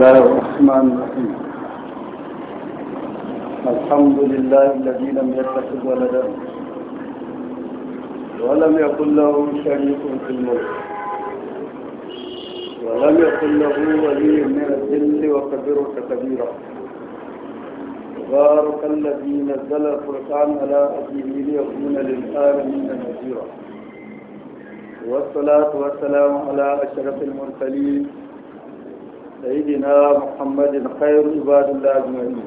الله الرحمن الرحيم الحمد لله الذي لم يتخذ ولدا ولم يكن له شريك في الملك ولم يكن له ولي من الذل وكبرك كبيرا تبارك الذي نزل الفرقان على أبيه ليكون للعالمين نذيرا والصلاة والسلام على أشرف المرسلين سيدنا محمد خير عباد الله أجمعين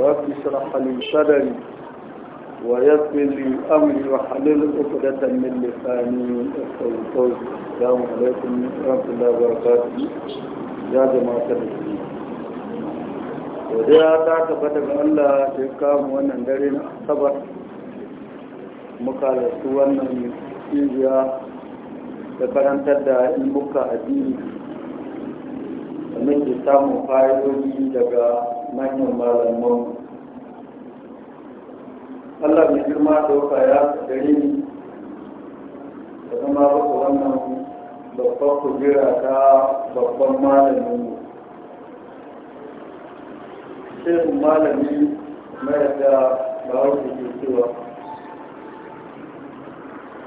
رب اشرح لي صدري ويسر لي أمري وحلل عقدة من لساني يفقهوا قولي السلام عليكم ورحمة الله وبركاته يا جماعة المسلمين godiya ta tabbata ga Allah da ya kamu wannan dare na asabar muka zartu wannan cibiya da karantar da ilmuka addini da muke samun fa'idoji daga manyan malaman Allah mai girma ɗauka ya gare ni da zama baka wannan babban kujera ta babban malamin mu shirin malami mai da bahaushe ke cewa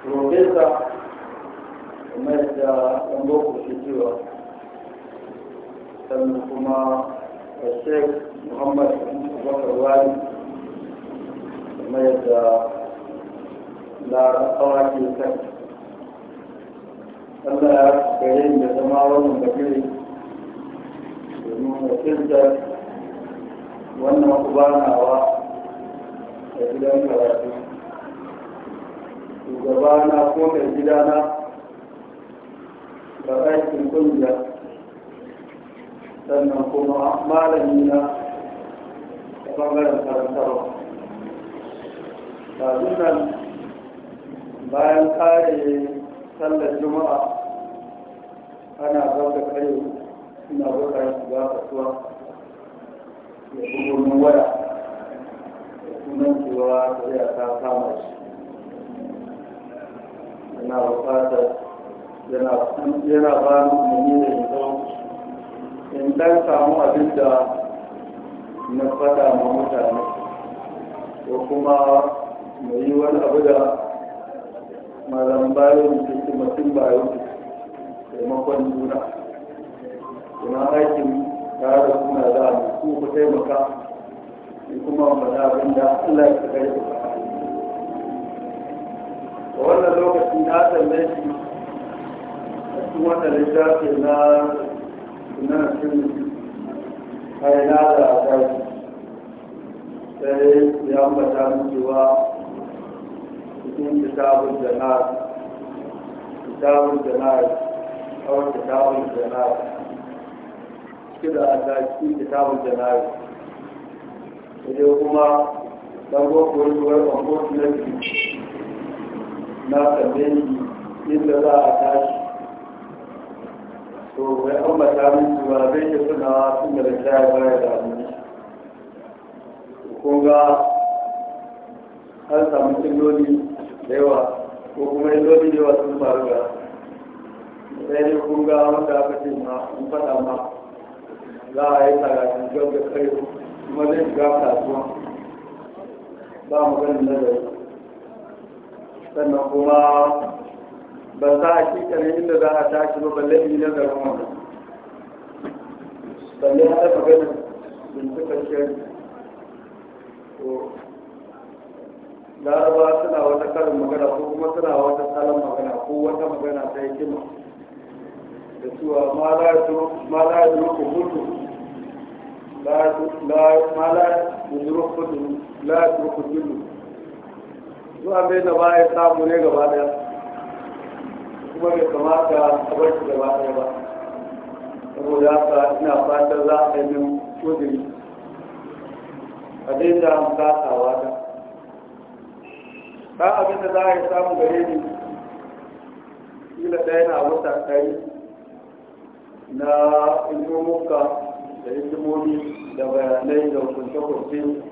profesa mai da ɗan boko ke cewa sannan kuma a sheik muhammad abubakar wani da yadda larabawa ke kan allah ya gare da zama wannan bagire domin wakiltar wannan ubanawa da gidan karatu shugabana ko da gidana da aikin kungiya sannan kuma malami na ɓangaren karantarwa kazin nan bayan kare sallar juma'a ana zauka kare suna bukatar shiga kasuwa ya fi gurmin waya da sunan cewa tafiya ta kama shi yana bukatar yana ba ni da yanzu in dan samu abin da na fada ma mutane ko kuma mai yi wani abu da malam bayan cikin mutum bayan taimakon juna kuma aikin tare da suna za a ku ku taimaka in kuma faɗa abin da Allah ya kai ku a wannan lokaci na tambaye shi a cikin wannan littafi na nan sun haina da kai sai ya ambata mutuwa cikin kitabun jana'a kitabun jana'a kawai kitabun jana'a cikin da a cikin kitabun jana'a sai kuma dan boko wani wani na tambayi inda za a to bai ambata min cewa zai ke suna tun da shaya baya da abinci kun ga an samu illoli da yawa ko kuma illoli da yawa sun faru da sai dai kun ga wanda aka ce ma in faɗa ma za a yi karatun jau da kai kuma zai shiga kasuwa ba mu ganin nazari sannan kuma ba za a kikanin inda za a tashi ba balle yi na zama wani balle haɗa magana bincikar shari to laraba suna wata karin magana ko kuma suna wata salon magana ko wata magana ta hikima da cewa ma za ya zuru ku mutu ma la ya zuru ku la ya zuru ku zuwa bai da ba ya samu ne gaba daya kuma bai kamata a bar shi gaba ɗaya ba saboda haka ina fatan za a yi min uzuri a daina kasawa ta ba abin da za a yi samun gare ni kila ɗaya na wata ɗari na ilmomuka da hikimomi da bayanai da hukunce-hukunce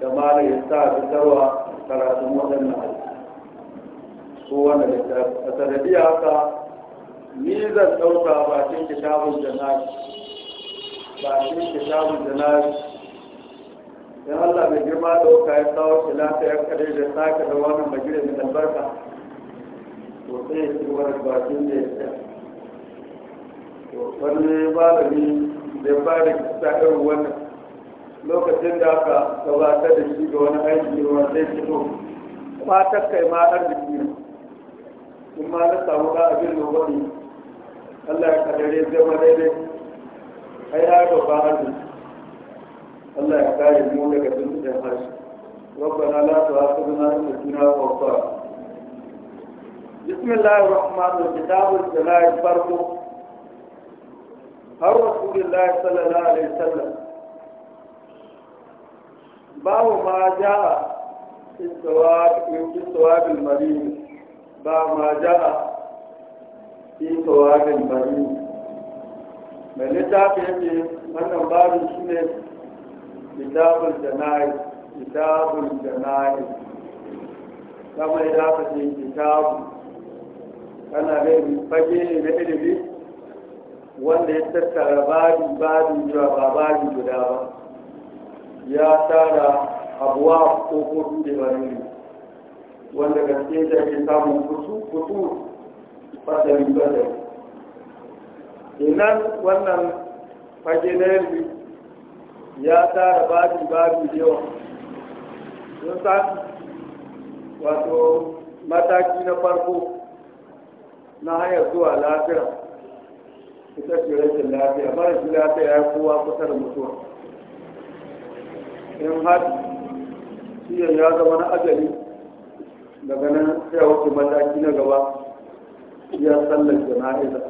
da mala sa sa fitarwa karatun waɗannan su wannan littafi a sanadiyar haka ni zan ɗauka bakin kitabun jana'i bakin kitabun jana'i in Allah mai girma ɗauka ya kawo shi lafiya kadai da saka da wannan magira da albarka to sai ya ci wani bakin da ya ce to wani malami da ya fara kisa irin wannan lokacin da aka gabatar da shi ga wani aiki wanda ya fito fatar kai ma arziki in ma na samu na abin nobani Allah ya kadare zama daidai ai ya ga ba hannu Allah ya kare mu daga dukkan harshe ربنا لا تؤاخذنا إن نسينا وأخطأنا بسم الله الرحمن الرحيم كتاب الصلاة فرق har rasulullah sallallahu alaihi wasallam babu ma ja istawa in istawa bil marid ba ma ja'a fi tsawarin bari mai littafi yake wannan babin shi ne kitabul jana'i kitabul jana'i kama ya dafa ce kitabu kana rai fage ne na ilimi wanda ya tattara babin babin jiwa ba babin guda ba ya tara abuwa ko kofi da wani wanda ga cikin jami'in samun kusu kusu fasari fasari inan wannan fage na yanzu ya tara babi babi yawa sun sa wato mataki na farko na hanyar zuwa lafiya ita ce rashin lafiya mara shi lafiya ya kowa kusa da mutuwa in har shi ya zama na ajali daga nan sai a wuce mataki na gaba iya sallar jana'iza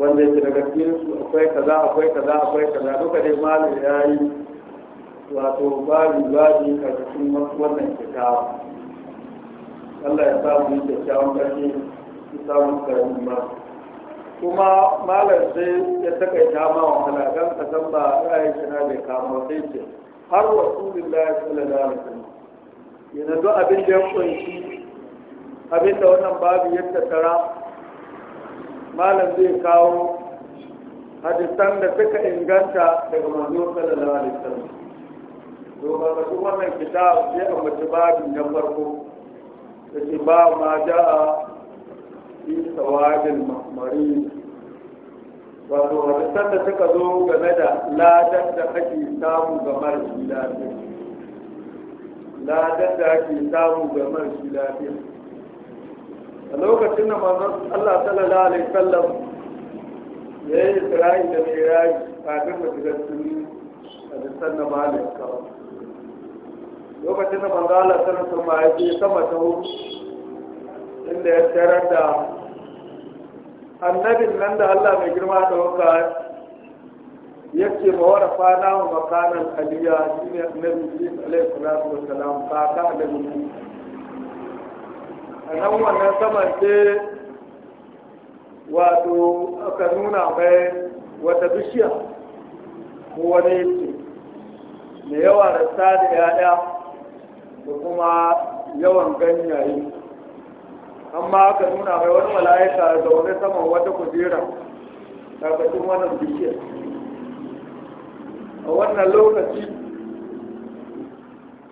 wanda yake daga cikinsu akwai kaza akwai kaza akwai kaza duka dai malu ya yi wato babi babi cikin wannan kyakkyawa Allah ya samu yi kyakkyawan ƙarshe su samu karin ba kuma malam sai ya takaita ma wahala don ka san ba ra'ayin shi na bai kama sai ce har rasulullahi sallallahu alaihi wasallam yana abin da ya kunshi abin da wannan babu ya tattara malam zai kawo hadisan da suka inganta daga manzo sallallahu alaihi wasallam to ba ka duk wannan kitab sai a mace babin na farko da ke ba ma ja'a fi sawadin mahmari wato hadisan da suka zo game da ladan da ake samu ga marashi lafiya ladan da ake samu ga man shi lafiya a lokacin da manzon Allah sallallahu alaihi wasallam ya yi Isra'i da Miraji kafin da shiga a hadisan na Malik kawai lokacin da manzon Allah sallallahu alaihi wasallam ya sama ta inda ya tarar da annabin nan da Allah mai girma da wanka yake ma wara fana wa makanan aliya shine annabi Isa alaihi salatu wassalam kaka da mutu a nan wannan saman ce wato aka nuna mai wata bishiya ko wani yake mai yawan rasta da ya'ya da kuma yawan ganyaye amma aka nuna mai wani mala'ika wani saman wata kujera ƙarƙashin wannan bishiyar a wannan lokaci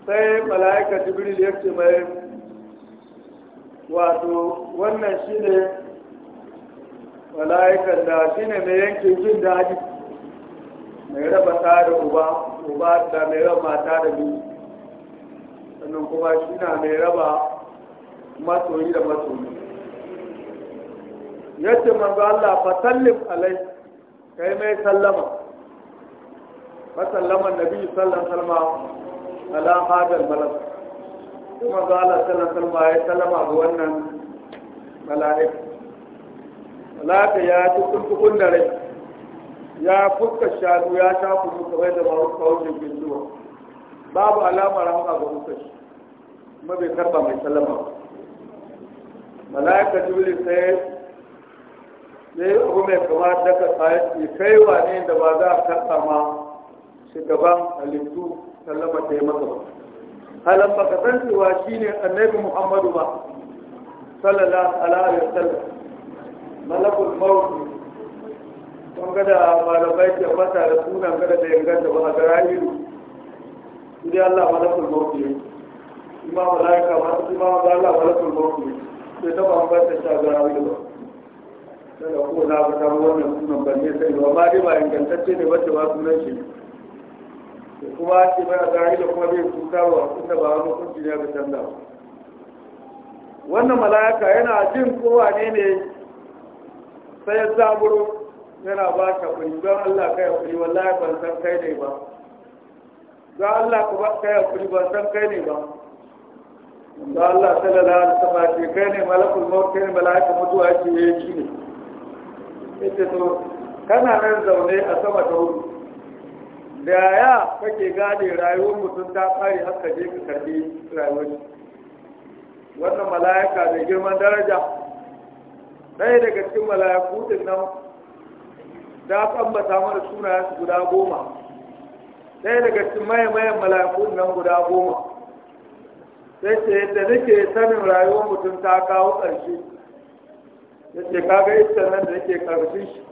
sai mala'ika jibril ya ce mai wato wannan shi ne mala'ika da shi ne mai yankin jin daji mai raba ta da uba uba da mai raba mata da biyu sannan kuma shi na mai raba masoyi da masoyi yace manzo Allah fa sallim alai kai mai sallama فسلم النبي صلى الله عليه وسلم على هذا الملك ثم قال صلى الله عليه وسلم هو أن ملائكة ملائكة يا تكون تكون دري يا فك الشاد ويا شاف المتويد وهو قول الجندوة باب علامة رحمة بمسش ما بيكربا من سلم ملائكة جبل سيد ne abu mai daga kayan kai wane da ba za a karɓa ma shugaban halittu sallama ta yi masa ba san cewa shi ne annabi muhammadu ba sallallahu alaihi wasallam malakul mawuti kun gada malamai ke mata da sunan gada da yanganta ba a gara ilu sai allah malakul mawuti ne ima malaika masu da Allah malakul mawuti ne sai ta ban bata ta gara ilu ba sai da ko na ta wannan sunan ban ne sai ba ma dai ba ingantacce ne ta ba sunan shi ne da kuma ce mai azari da kuma bai kuka wa tunda ba wani hukunci ne ga canza wannan mala'ika yana jin kowa ne ne sai ya zaburo yana ba ka kuri don Allah kai kuri wallahi ban san kai ne ba don Allah ku ba kai kuri ban san kai ne ba don Allah sallallahu alaihi wasallam ce kai ne malakul maut kai ne mala'ika mutuwa ce yake eh, ne ita to kana nan zaune a sama ta hudu da ya kake gane rayuwar mutum ta kare haka je ka karbi rayuwar wannan mala'ika mai girman daraja ɗaya daga cikin mala'iku din nan ta ambata mana sunayen su guda goma ɗaya daga cikin mayan mala'iku nan guda goma sai ce yadda nake sanin rayuwar mutum ta kawo ƙarshe ya ce kaga ita nan da nake ƙarshen shi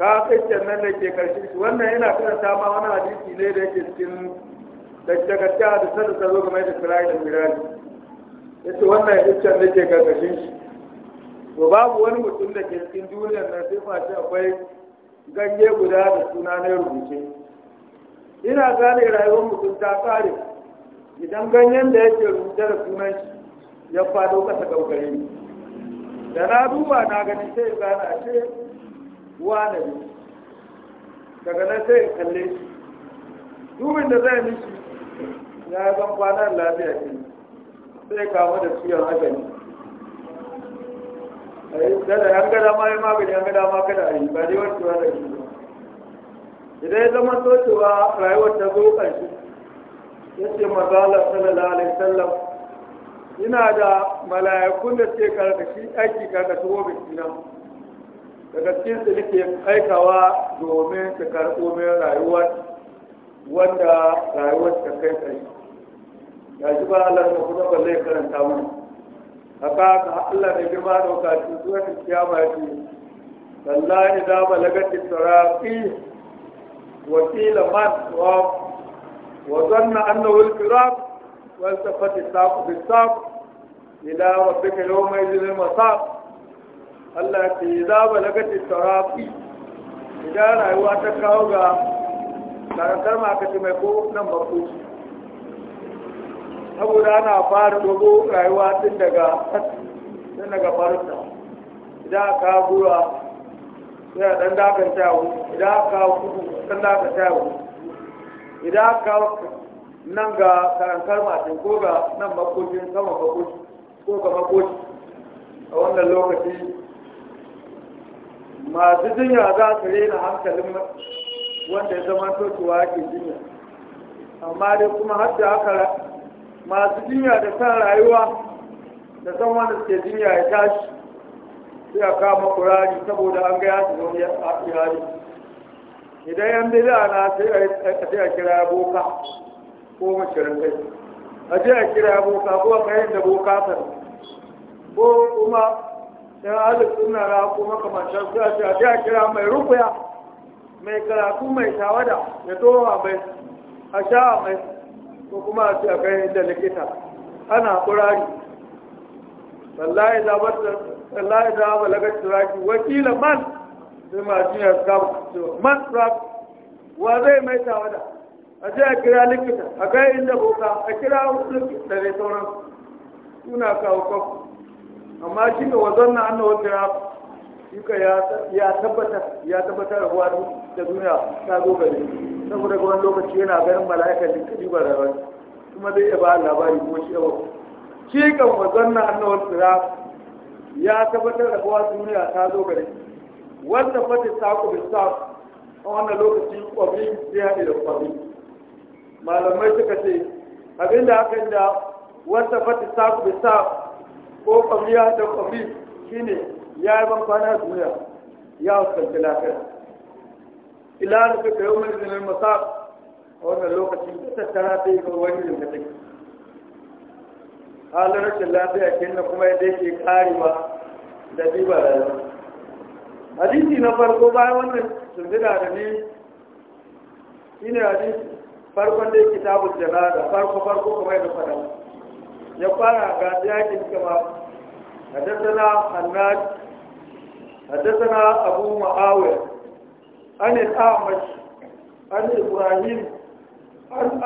ka fitan nan da ke karshe shi wannan yana karanta ma wani hadisi ne da yake cikin ta da sada ta zo mai da firayi da firayi yace ce wannan fitan da ke karshe shi to babu wani mutum da ke cikin duniyar nan sai shi akwai ganye guda da suna na rubuce ina gane rayuwar mutum ta kare idan ganyen da yake rubuce da sunan shi ya fado kasa gaugare da na duba na gani sai gane a ce wane ne daga nan sai in kalle shi dubin da zai nishi. ya yi zan kwanan lafiya ce sai kama da A yi dada yan gada ma yi magani yan gada ma kada a yi ba dai warkewa da shi idan ya zama so cewa rayuwar ta zo ƙarshe ya ce mazalar sallallahu alaihi sallam ina da mala'ikun da suke karkashi aiki karkashin wobin nan daga cikin su nake aikawa domin ta karɓo min rayuwar wanda rayuwar ta kai tsaye ya ji ba Allah ne kuma ba zai karanta mana haka ka Allah ne girma da wakati zuwa ta kiyama ce wallahi da balagati tarafi wakila man wa wa zanna annahu al-qirab wal tafati saq bi saq ila rabbika yawma idhil masaq Allah ce za ba daga tattarafi idan rayuwa ta kawo ga karantar makaci mai ko nan bako saboda ana fara dogo rayuwa tun daga tun daga farta idan aka gura sai a ɗan tawo idan aka kudu ɗan tawo idan aka nan ga karantar matin ko ga nan makokin sama makoki ko ga makoki a wannan lokaci masu jinya za su rena hankalin wanda ya zama tocewa ke jinya amma dai kuma har da haka masu jinya da san rayuwa da san wanda suke jinya ya tashi sai a kama kurari saboda an gaya su a iyali idan yan bida na sai a a kira boka ko mashirin kai a je a kira boka ko a kayan da boka ko kuma dan ahlus suna ra ko makamantan su a a ta kira mai rukuya mai karatu mai shawada ya towa mai a sha mai ko kuma a ce a kai da likita ana kurari wallahi da wata wallahi da ba turaki wakila man sai ma ji ya ka man turaki wa zai mai shawada a ce a kira likita a kai inda boka a kira likita da sauran suna kawo kwakwa amma shi ne wazon na annawa ya suka ya tabbata ya tabbata da kuwa da duniya ta zo gari saboda ga wani lokaci yana ganin mala'ika da kadi ba kuma zai iya ba labari ko shi yawa shi kan wazon na annawa ta ya tabbatar da kuwa duniya ta zo gari wanda fata ta ku bisa a wannan lokaci kwabi sai haɗe da kwabi malamai suka ce abinda aka yi da wata fata ta ku bisa ko kwamiya da kwamri shine ya yi ban kwana duniya ya fuskanci lafiya ila da suka yi wani masa a wannan lokacin da tattara ta yi kawai wani zinin take halin rashin lafiya kenan kuma yadda yake ba, da da rayuwa hadisi na farko bayan wannan tunzira da ne shine hadisi farkon da kitabun tabut da farko farko kuma yadda fada ya fara ga yakin kama haddasana hannad haddasana abu ma'awar anil amash anil ibrahim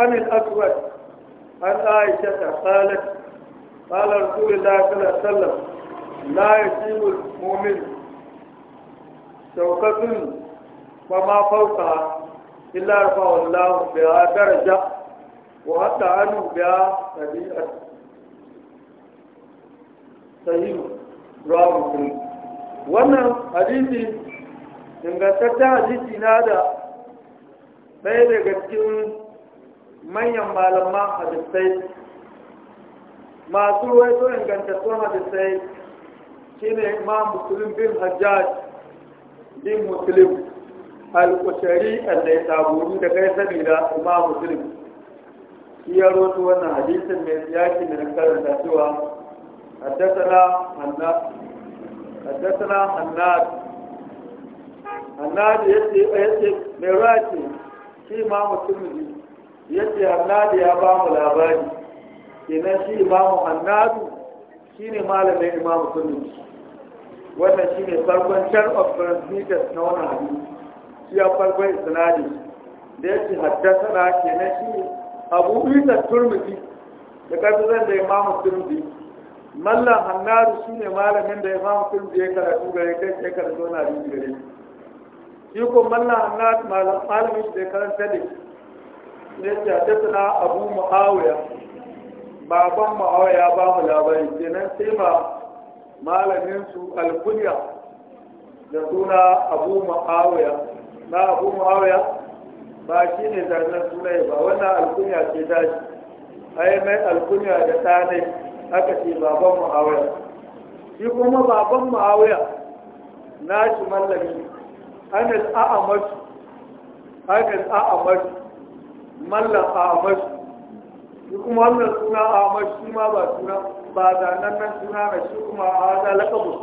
anil aswad an aisha ta salat salar kuli da kala sallam la ya shimu momin saukatun illa rufa wallahu bai daraja wa hatta anu bai sahihu rawa muslim wannan hadisi ingantaccen hadisi na da ɗaya daga cikin manyan malaman hadisai masu inganta ingantattun hadisai shine imam Musulmin bin hajjaj bin muslim al-kushari allai sabuni da kai sani da imam Ki shi ya rotu wannan hadisin mai yakin da na karanta cewa حدثنا حناد حدثنا حناد حناد يتي يتي ميراتي شي ما متمدي يتي حناد يا بام لاباري kenan shi imamu hannadu shi ne malamin imamu sunni wannan shi ne farkon chair of transmitters na wannan hadisi shi ya farkon isnadi da ya ce haddasa kenan shi abu isa turmudi da karfi zan da imamu turmudi mallan hannaru su ne malamin da ya imam da ya karatu gare kai sai karatu na biyu gare shi ko mallan hannaru malamin da ya karanta ne ne ce haddasa abu muawiya baban muawiya ba mu labari kenan sai ma malamin su alkunya da suna abu muawiya na abu muawiya ba shi ne zanen sunai ba wannan alkunya ce daji ai mai alkunya da tsanai aka ce baban muawiya shi kuma baban na shi. mallami anas a'amash anas a'amash mallan a'amash shi kuma wannan suna a'amash shi ma ba suna ba da nan suna na shi kuma a haɗa laƙabu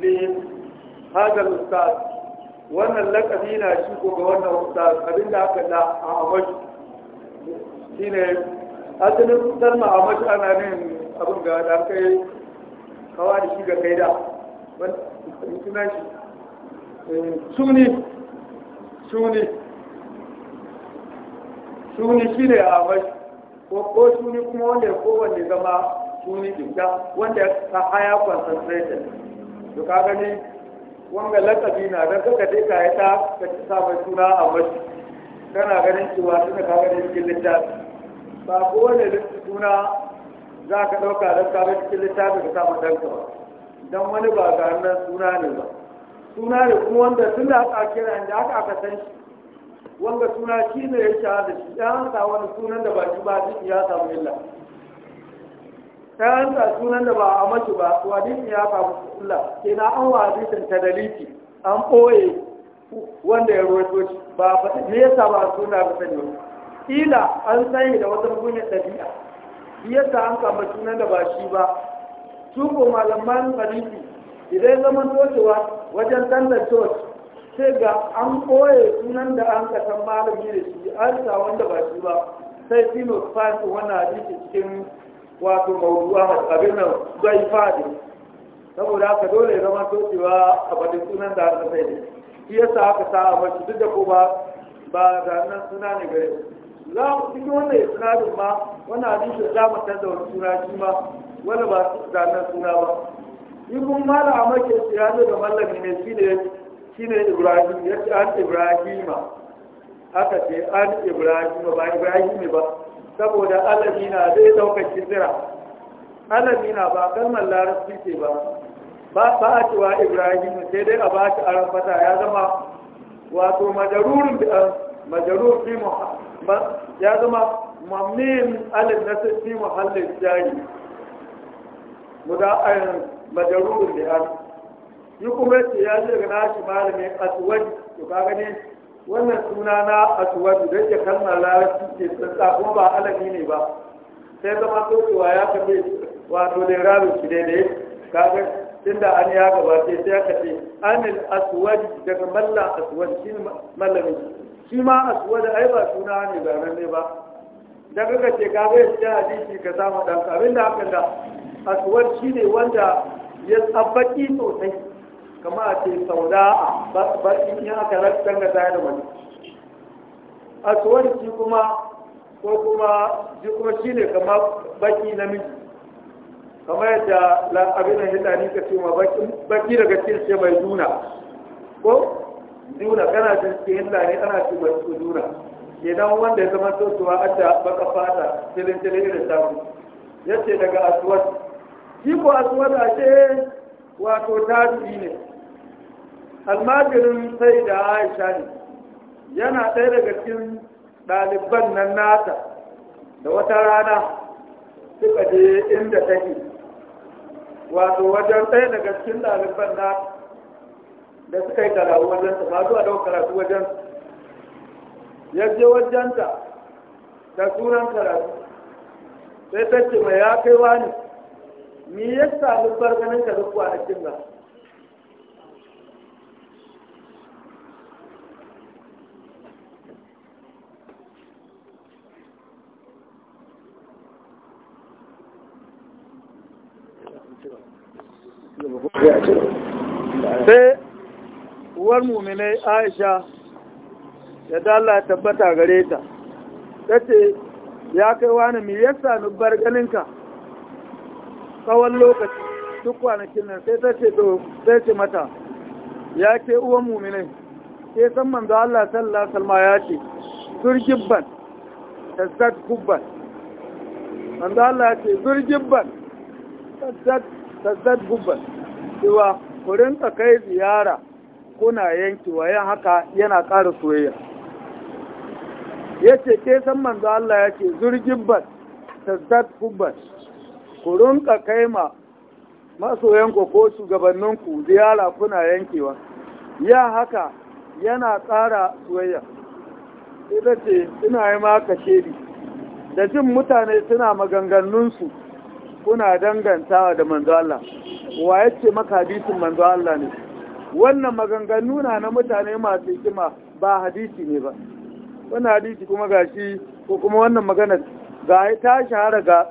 ne hadar ustaz wannan laƙabi na shi ko ga wannan ustaz abinda aka da a'amash shi ne asalin salma a mashi ana ne abin ga da kai kawa da shi ga kai da sunan shi eh, suni suni suni shi ne a mashi ko suni kuma wanda ya kowanne zama suni dinka wanda ya haya concentration to ka gani wanga lakabi na da kaka dai ka yi ta ka ci sabon suna a mashi kana ganin cewa suna ka gani cikin littafi ba kowane suna za ka ɗauka don ka cikin littafin ka samu danka ba don wani ba ga nan suna ne ba suna ne kuma wanda tun da aka kira inda aka aka san shi wanda suna shi ne ya shahara da shi ya hanta wani sunan da ba shi ba shi ya samu illa ta hanta sunan da ba a mace ba su hadisi ya samu illa na an wa hadisin ta daliti an ɓoye wanda ya rawaito shi ba me yasa ba suna ba sani ba ila an sai da wata mugunyar ɗabi'a yadda an kama sunan da ba shi ba su ko malaman hadisi idan zaman tocewa wajen tantance sai ga an koye sunan da an san malami da shi an sa wanda ba shi ba sai sino fasu wannan hadisi cikin wato mawuduwa abin nan zai fadi saboda haka dole zama tocewa a bada sunan da an sai ne shi yasa aka sa a mashi duk da ko ba ba da nan suna ne gare za mu cikin wannan isnadin ma wani hadisi za mu canza wani suna shi ma wani ba su zanen suna ba shi kun mala a mace shi ya zo da mallami ne shi ne shi ne ibrahim ya ce an ibrahima aka ce an ibrahima ba ibrahim ba saboda alami zai ɗaukar kisira alami ba kalmar larabci ce ba ba a cewa ibrahim sai dai a ba shi aran fata ya zama wato majarurin da majarur fi ba ya zama mamin alif na sassi muhallin jari guda ayin majarurin da ya yi kuma ce ya ce ga nashi malamin asuwaji to ka gani wannan suna na asuwaji don ya kalma larabci ke tsatsa kuma ba alafi ne ba sai zama tokewa ya kafe wato da rabin shi daidai gani tunda an ya gabace sai ya ce anil asuwaji daga mallan shi ne mallamin shi ma aswada ai ba suna ne zanen ne ba da kaga ce ka ya shi hadisi ka samu ɗan abin da hakan da aswad shi ne wanda ya tsabbaki sosai kama a ce sauda'a ba in aka rakkan ga da wani aswad shi kuma ko kuma shi kuma shi ne kama baki namiji kamar yadda abin da hidani ka ce ma baki daga cikin ce mai nuna ko duna kana jin kehilla ne ana ci ba su duna idan wanda ya zama sosuwa ta baka fata tilin tilin irin tamu ya ce daga aswad shi ko aswad a ce wato tabi'i ne almajirin sai da aisha ne yana ɗaya daga cikin ɗaliban nan nata da wata rana suka je inda take wato wajen ɗaya daga cikin ɗaliban nata da suka yi karatu wajenta ba zuwa daga karatu wajen ya je wajenta da sunan karatu sai ta ce mai ya kai wani ni ya bar ganin ka duk cikin nan uwar muminai aisha ya dala tabbata gare ta ta ce ya kai wani "Me ya sami bar ganinka tsawon lokaci duk kwanakin nan sai ta ce to sai ce mata ya ke uwan muminai ke san manzo Allah sallallahu salma ya ce turgibban tazzat kubban manzo Allah ya ce turgibban tazzat tazzat kubban cewa ku rinka kai ziyara kuna yankewa yan haka yana ƙara soyayya ya ce ke san manzo Allah ya ce zurgin bat zat hubbat ku rinka ma masoyanku ko shugabanninku ziyara kuna yankewa ya haka yana ƙara soyayya ita ce ina yi maka shedi da jin mutane suna maganganunsu kuna dangantawa da manzo Allah wa yace maka hadisin manzo Allah ne wannan maganganu na na mutane masu hikima ba hadisi ne ba wannan hadisi kuma ga shi ko kuma wannan magana ga ta shahara ga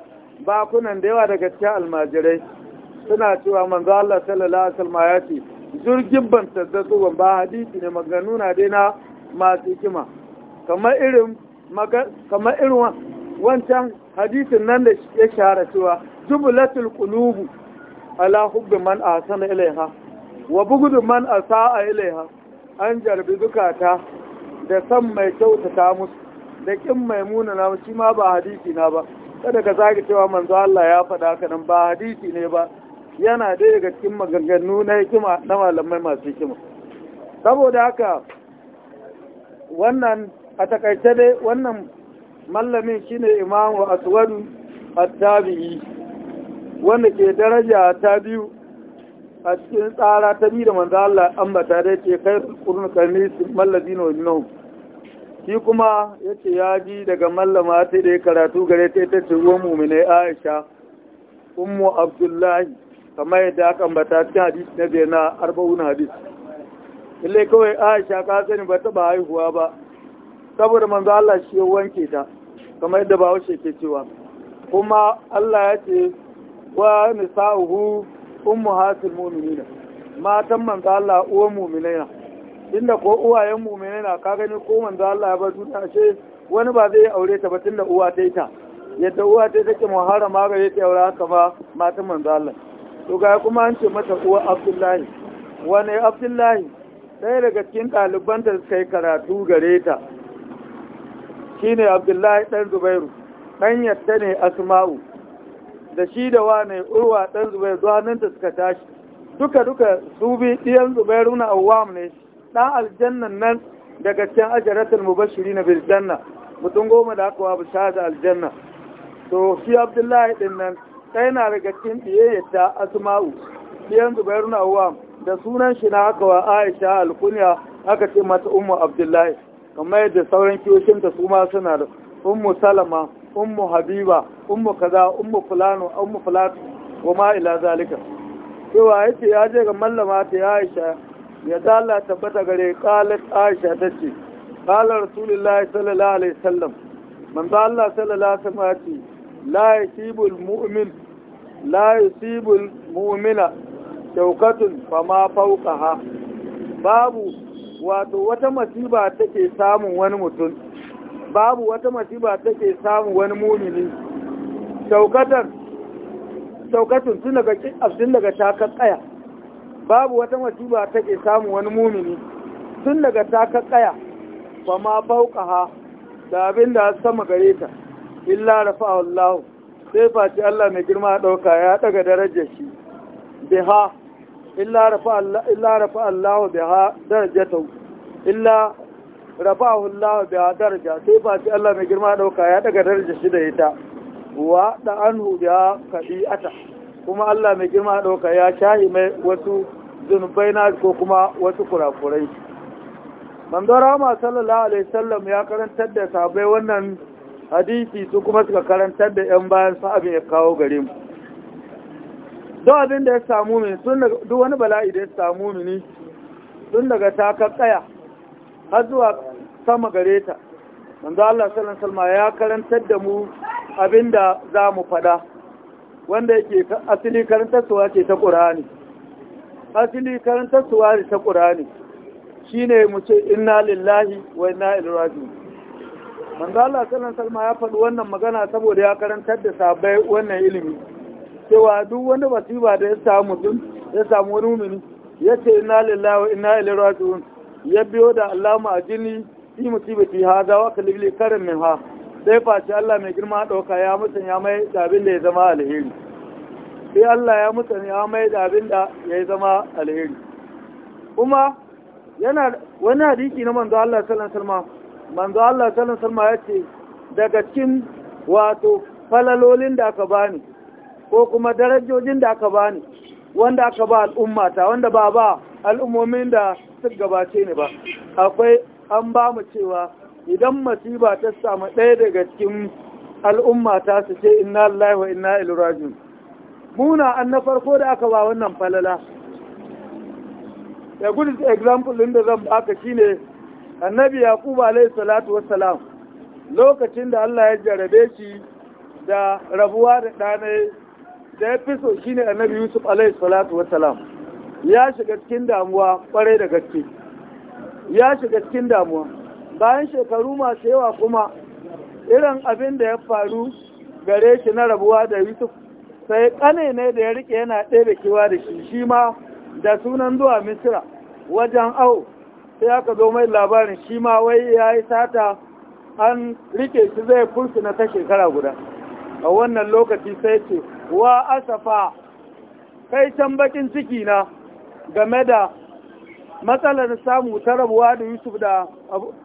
bakunan da yawa daga cikin almajirai suna cewa manzo Allah sallallahu alaihi wasallam ya ce jirgin ban ban ba hadisi ne maganganu na dai na masu hikima kamar irin kamar irin wancan hadisin nan da ya shahara cewa jubulatul qulubu ala hubbi man ahsana ilaiha wa bugudu man a asa'a ilaiha an jarbi zukata da san mai kyautata musu da kin mai na shi ma ba hadisi na ba kada ka zaki cewa manzo Allah ya faɗa ka nan ba hadisi ne ba yana daya daga cikin maganganu na hikima na malamai masu hikima saboda haka wannan a takaice dai wannan mallamin shine imamu aswadu at-tabi'i wanda ke daraja ta biyu a cikin tsara ta bi da manzo Allah ambata dai ce kai kurun karni mallazina nan. shi kuma yace ya ji daga mallama ta da karatu gare ta ta ce uwan mu'mina Aisha ummu Abdullahi kamar yadda aka ambata cikin hadisi na biyar na arba'un hadisi lalle kawai Aisha ka sani ba ta ba haihuwa ba saboda manzo Allah shi ya wanke ta kamar yadda ba bawo ke cewa kuma Allah ya ce wa nisa'uhu ummuhatul mu'minina matan manzo Allah uwan mu'minaina inda ko uwayen na ka gani ko manzo Allah ya bar duniya ce wani ba zai aure ta ba tunda uwa ta ita yadda uwa ta take muharrama ga yake aure haka ba matan manzo Allah to ga kuma an ce mata uwa Abdullahi wani Abdullahi Sai daga cikin ɗaliban da suka yi karatu gare ta shine Abdullahi dan Zubairu ɗan yadda ne Asma'u da shi da wane urwa ɗan zuwa nan ta suka tashi duka duka su bi ɗiyan zubairu na awam ne ɗan aljannan nan daga can ajaratul mubashiri na biljanna mutum goma da aka wabu bishada aljanna to shi abdullahi ɗin nan ɗaya na daga cikin ɗiye ta asma'u ɗiyan zubairu na awam da sunan shi na aka wa aisha alkunya aka ce mata ummu abdullahi kamar yadda sauran kiyoshinta su ma suna da ummu salama ummu habiba ummu kaza ummu fulano ummu fulat wa ma ila zalika cewa yace ya je ga mallama ta Aisha ya Allah tabbata gare qalat Aisha tace qala rasulullahi sallallahu alaihi wasallam man Allah sallallahu alaihi wasallam la yusibul mu'min la yusibul mu'mina shaukatun fama fawqaha babu wato wata masiba take samun wani mutum babu wata masiba take samu wani mumini saukatar saukatun tun daga abin daga takar kaya babu wata masiba take samu wani mumini tun daga takar kaya ba ma ha? da abin da sama gare ta illa rafa Allah sai face Allah mai girma ɗauka. ya daga darajar shi ha illa rafa Allah illa rafa Allah darajar ta illa rafahu bi adarja sai ba ci Allah mai girma dauka ya daga daraja shi da ita wa da anhu ya kadi'ata kuma Allah mai girma dauka ya shahi mai wasu zunubai na ko kuma wasu kurakurai manzo Rama sallallahu alaihi wasallam ya karantar da sahabbai wannan hadisi su kuma suka karantar da yan bayan su abin ya kawo gare mu duk abin da ya samu mini duk wani bala'i da ya samu mini tun daga takar tsaya har zuwa sama gare ta manzo Allah sallallahu alaihi wasallam ya karantar da mu abinda za mu fada wanda yake asili karantar suwa ce ta Qur'ani asili karantar suwa ce ta Qur'ani shine mu ce inna lillahi wa inna ilaihi raji'un manzo Allah sallallahu alaihi wasallam ya faɗi wannan magana saboda ya karantar da sabai wannan ilimi cewa duk wanda basiba da ya samu ya samu wani mumini yace inna lillahi wa inna ilaihi raji'un ya biyo da alama a jini fi musibati hada wa kalibli karin min ha sai face Allah mai girma ɗauka ya musanya mai da abin da ya zama alheri sai Allah ya musanya mai da abin da ya zama alheri kuma yana wani hadisi na manzo Allah sallallahu alaihi wasallam manzo Allah sallallahu alaihi wasallam yace daga cikin wato falalolin da aka bani ko kuma darajojin da aka bani wanda aka ba al'ummata wanda ba ba al'ummomin da suka gabace ne ba akwai an ba mu cewa idan masiba ta samu ɗaya daga cikin al'umma ta su ce inna lillahi wa inna ilaihi muna an na farko da aka ba wannan falala a good example din da zan baka shine annabi yaqub alayhi salatu wassalam lokacin da Allah ya jarabe shi da rabuwa da ɗanai da ya fi so shine annabi yusuf alayhi salatu wassalam ya shiga cikin damuwa kwarai da gaske ya shiga cikin damuwa bayan shekaru masu yawa kuma irin abin da ya faru gare shi na rabuwa da yusuf sai kane ne da ya rike yana ɗaya kewa da shi shi ma da sunan zuwa misira wajen au sai aka zo mai labarin shi ma wai ya yi sata an rike shi zai kursu na ta shekara guda a wannan lokaci sai ce wa asafa kai can bakin ciki na game da matsalar samu ta rabuwa da Yusuf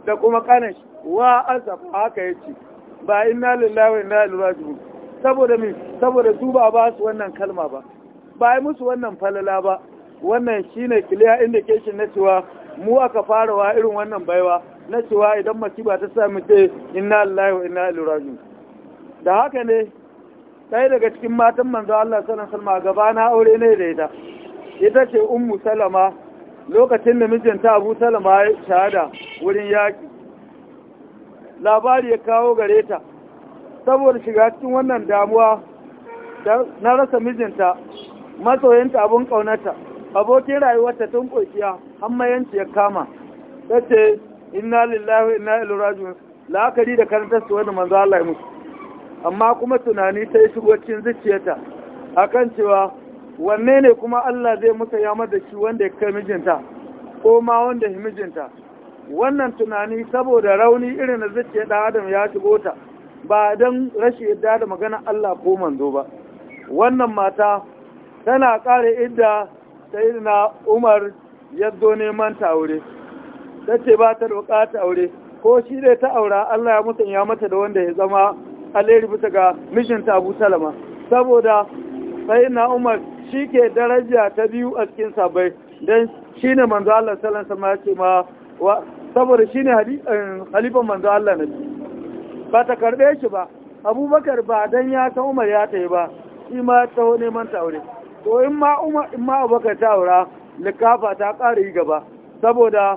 da kuma kanin wa azab haka yace ba inna lillahi wa inna ilaihi raji'un saboda min saboda su ba su wannan kalma ba ba yi musu wannan falala ba wannan shine clear indication na cewa mu aka fara wa irin wannan baiwa na cewa idan masiba ta sami ce inna lillahi wa inna ilaihi raji'un da haka ne sai daga cikin matan manzo Allah sallallahu alaihi gabana aure ne da ita ita ce ummu salama lokacin da mijinta abu salama ya shahada wurin yaƙi labari ya kawo gare ta saboda shiga cikin wannan damuwa na rasa mijinta matsoyinta abin ƙaunata abokin rayuwarta tun ƙoƙiya hammayanci ya kama ta ce inna lillahi inna ilirajun la'akari da karantar su wani manzo Allah musu amma kuma tunani ta yi shigo cikin zuciyarta akan cewa wanne ne kuma Allah zai musa ya da shi wanda ya kai mijinta ko ma wanda ya mijinta wannan tunani saboda rauni irin da zai da adam ya shigo ta ba don rashin yadda da magana Allah ko manzo ba wannan mata tana ƙara idda na Umar yadda neman ta aure ta ce ba ta roƙa ta aure ko shi dai ta aura Allah ya ya mata da wanda ya zama alheri bisa ga mijinta Abu Salama saboda na Umar shi ke daraja ta biyu a cikin sabai don shi ne manzo Allah salon sama ce ma saboda shi ne eh, halifan manzo Allah na biyu ba ta karbe shi ba abubakar ba don ya ta umar ya ta yi ba shi ma ta neman ta aure to in ma umar in ma abubakar ta aura likafa ta ƙara yi gaba saboda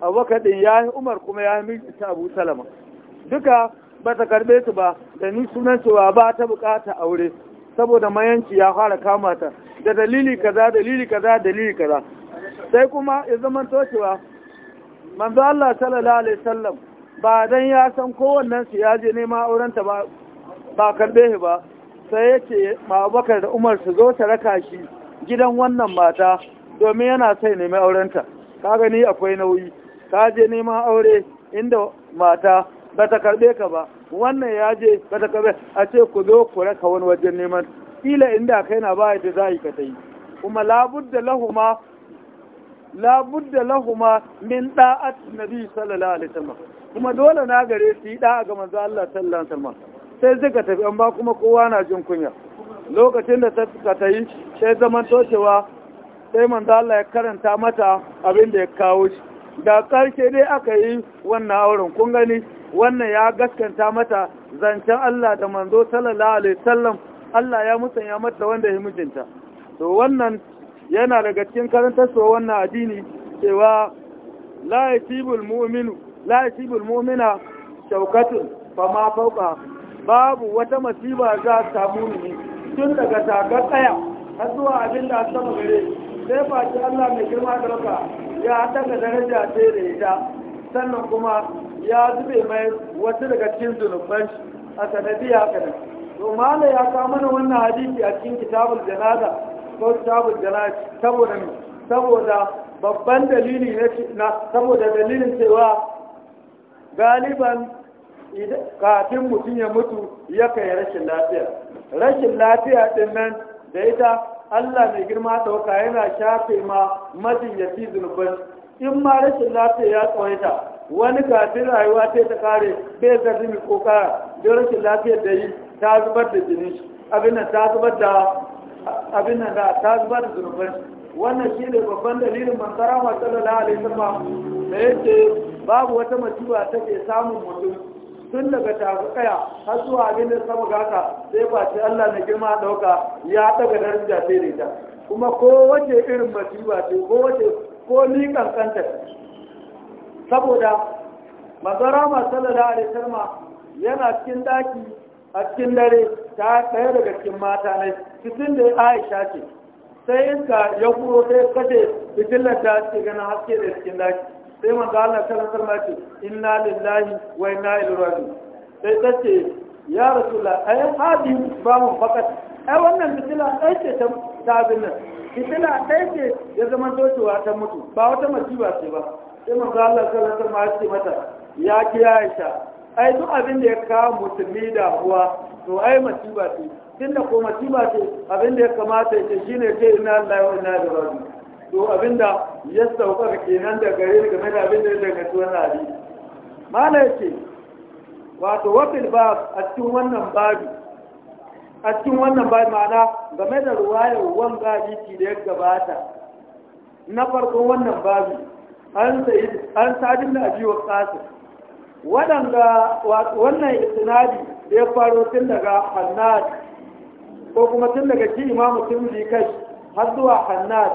abubakar ɗin ya yi umar kuma ya yi ta abu salama duka ba ta karbe su ba da ni sunan cewa ba ta bukata aure saboda mayanci ya fara kama ta da dalili kaza dalili kaza dalili kaza sai kuma ya zama cewa manzo Allah sallallahu alaihi wasallam ba dan ya san kowannen su ya je nema auren ta ba ba karbe shi ba sai yace ma Abubakar da Umar su zo ta raka shi gidan wannan mata domin yana sai nemi auren ta kaga ni akwai nauyi ka je nema aure inda mata ba ta karbe ka ba wannan ya je ba ta karbe a ce ku zo ku raka wani wajen neman kila inda kai na ba da za ka ta yi kuma labudda lahuma lahuma min da'at nabi sallallahu alaihi wasallam kuma dole na gare su yi da'a ga manzo Allah sallallahu alaihi wasallam sai suka tafi an ba kuma kowa na jin kunya lokacin da ta suka ta yi sai zaman tocewa sai manzo Allah ya karanta mata abin da ya kawo shi da karshe dai aka yi wannan auren kun gani wannan ya gaskanta mata zancen Allah da manzo sallallahu alaihi wasallam Allah ya musanya mata wanda ya mijinta to wannan yana daga cikin karantar so wannan addini cewa la yasibul mu'minu la yasibul mu'mina shaukatun fama fauka babu wata masiba za ta samu ni tun daga takar tsaya har zuwa abin da samu gare sai Allah mai girma da ya daga daraja ce da ita sannan kuma ya zube mai wata daga cikin zunuban shi a sanadiyya haka nan to mala ya ka mana wannan hadisi a cikin kitabul janaza ko kitabul janaza saboda saboda babban dalili na saboda dalilin cewa galiban kafin mutum ya mutu ya kai rashin lafiya rashin lafiya din nan da ita Allah mai girma ɗauka yana shafe ma majinyaci zunuban in ma rashin lafiya ya tsawaita wani kafin rayuwa ta ta kare bai zarri mai kokara don rashin lafiyar da yi ta zubar da jini abin ta zubar da abin nan ta zubar da wannan shi ne babban dalilin mansara masu sallallahu alaihi wasallam da yake babu wata masifa ta ke samun mutum tun daga tafi kaya har zuwa abin da sama gaka sai face Allah na girma dauka ya daga daraja jafe da ita kuma ko wace irin masifa ce wace ko ni kankanta saboda masu lada a wasallam yana cikin daki a cikin dare ta ɗaya daga cikin mata ne cikin da Aisha ce sai ka ya kuro sai kashe fitilar ta ce ganin haske da cikin daki sai manzo Allah sallallahu alaihi wasallam ce inna lillahi wa inna ilaihi raji'un sai tace ya rasulullah ai hadi ba mu fakat ai wannan fitila ai ce ta tabin nan fitila ɗaya ce ya zama docewa ta mutu ba wata masiba ce ba sai manzo Allah sallallahu alaihi wasallam ya mata ya ki Aisha ai duk abin da ya kawo musulmi da huwa to ai masiba ce tunda ko masiba ce abin da ya kamata ya ce shine ke ina Allah ya ina da raji'un to abin da ya sauka kenan da gare ni game da abin da ya danganci wannan hadisi mana ce wato wakil ba a cikin wannan babi a cikin wannan babi ma'ana game da ruwayar wanga jiki da ya gabata na farkon wannan babi an sa'adin da wa ƙasir waɗanda wannan itinadi da ya faro tun daga hannad ko kuma tun daga ki imamu tun kashi har zuwa hannad